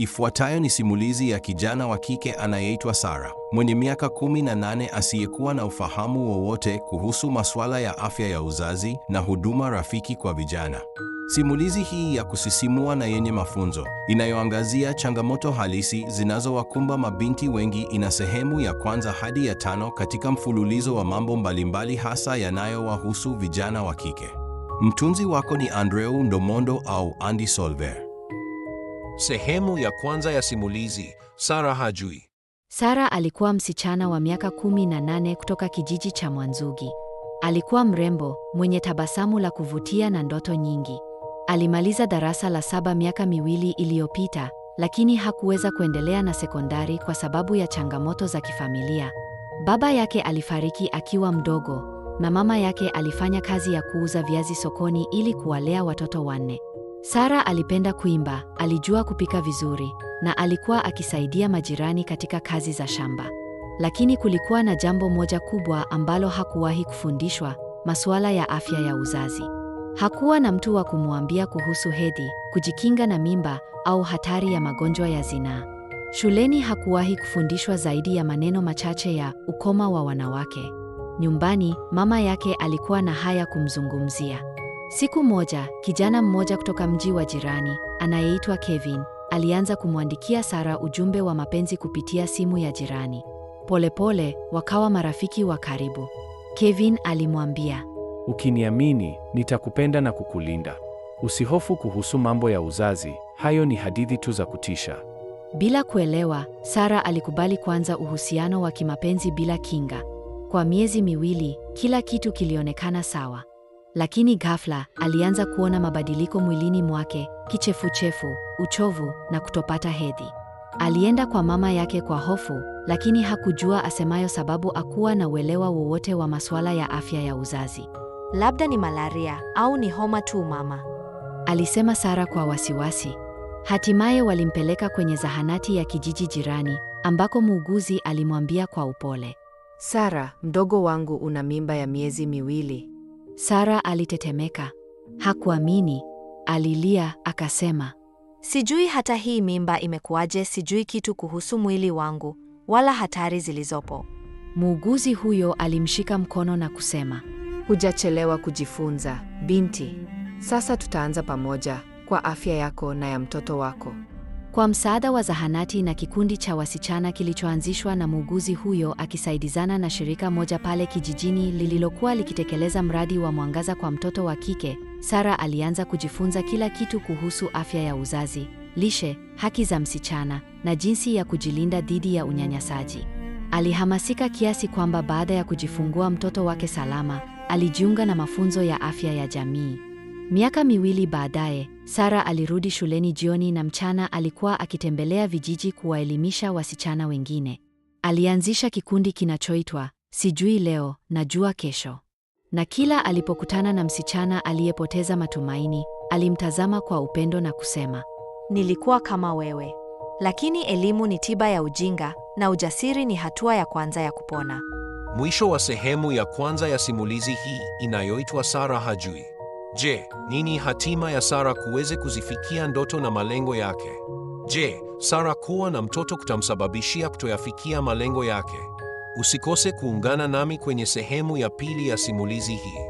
Ifuatayo ni simulizi ya kijana wa kike anayeitwa Sara, mwenye miaka 18 asiyekuwa na ufahamu wowote kuhusu masuala ya afya ya uzazi na huduma rafiki kwa vijana. Simulizi hii ya kusisimua na yenye mafunzo inayoangazia changamoto halisi zinazowakumba mabinti wengi ina sehemu ya kwanza hadi ya tano katika mfululizo wa mambo mbalimbali hasa yanayowahusu vijana wa kike. Mtunzi wako ni Andreu Ndomondo au Andy Solver. Sehemu ya kwanza ya simulizi Sara hajui. Sara alikuwa msichana wa miaka kumi na nane kutoka kijiji cha Mwanzugi. Alikuwa mrembo, mwenye tabasamu la kuvutia na ndoto nyingi. Alimaliza darasa la saba miaka miwili iliyopita, lakini hakuweza kuendelea na sekondari kwa sababu ya changamoto za kifamilia. Baba yake alifariki akiwa mdogo na mama yake alifanya kazi ya kuuza viazi sokoni ili kuwalea watoto wanne. Sara alipenda kuimba, alijua kupika vizuri na alikuwa akisaidia majirani katika kazi za shamba. Lakini kulikuwa na jambo moja kubwa ambalo hakuwahi kufundishwa, masuala ya afya ya uzazi. Hakuwa na mtu wa kumwambia kuhusu hedhi, kujikinga na mimba au hatari ya magonjwa ya zinaa. Shuleni hakuwahi kufundishwa zaidi ya maneno machache ya ukoma wa wanawake. Nyumbani, mama yake alikuwa na haya kumzungumzia. Siku moja, kijana mmoja kutoka mji wa jirani anayeitwa Kevin alianza kumwandikia Sara ujumbe wa mapenzi kupitia simu ya jirani. Polepole wakawa marafiki wa karibu. Kevin alimwambia, ukiniamini nitakupenda na kukulinda, usihofu kuhusu mambo ya uzazi, hayo ni hadithi tu za kutisha. Bila kuelewa, Sara alikubali kuanza uhusiano wa kimapenzi bila kinga. Kwa miezi miwili, kila kitu kilionekana sawa. Lakini ghafla alianza kuona mabadiliko mwilini mwake, kichefuchefu, uchovu na kutopata hedhi. Alienda kwa mama yake kwa hofu, lakini hakujua asemayo sababu akuwa na uelewa wowote wa masuala ya afya ya uzazi. Labda ni malaria au ni homa tu mama, alisema Sara kwa wasiwasi. Hatimaye walimpeleka kwenye zahanati ya kijiji jirani ambako muuguzi alimwambia kwa upole, Sara, mdogo wangu una mimba ya miezi miwili. Sara alitetemeka, hakuamini, alilia akasema, sijui hata hii mimba imekuwaje, sijui kitu kuhusu mwili wangu wala hatari zilizopo. Muuguzi huyo alimshika mkono na kusema, hujachelewa kujifunza binti, sasa tutaanza pamoja kwa afya yako na ya mtoto wako. Kwa msaada wa zahanati na kikundi cha wasichana kilichoanzishwa na muuguzi huyo akisaidizana na shirika moja pale kijijini lililokuwa likitekeleza mradi wa mwangaza kwa mtoto wa kike, Sara alianza kujifunza kila kitu kuhusu afya ya uzazi, lishe, haki za msichana na jinsi ya kujilinda dhidi ya unyanyasaji. Alihamasika kiasi kwamba baada ya kujifungua mtoto wake salama, alijiunga na mafunzo ya afya ya jamii. Miaka miwili baadaye, Sara alirudi shuleni jioni na mchana alikuwa akitembelea vijiji kuwaelimisha wasichana wengine. Alianzisha kikundi kinachoitwa Sijui leo, najua kesho. Na kila alipokutana na msichana aliyepoteza matumaini, alimtazama kwa upendo na kusema, "Nilikuwa kama wewe." Lakini elimu ni tiba ya ujinga na ujasiri ni hatua ya kwanza ya kupona. Mwisho wa sehemu ya kwanza ya simulizi hii inayoitwa Sara Hajui. Je, nini hatima ya Sara kuweze kuzifikia ndoto na malengo yake? Je, Sara kuwa na mtoto kutamsababishia kutoyafikia malengo yake? Usikose kuungana nami kwenye sehemu ya pili ya simulizi hii.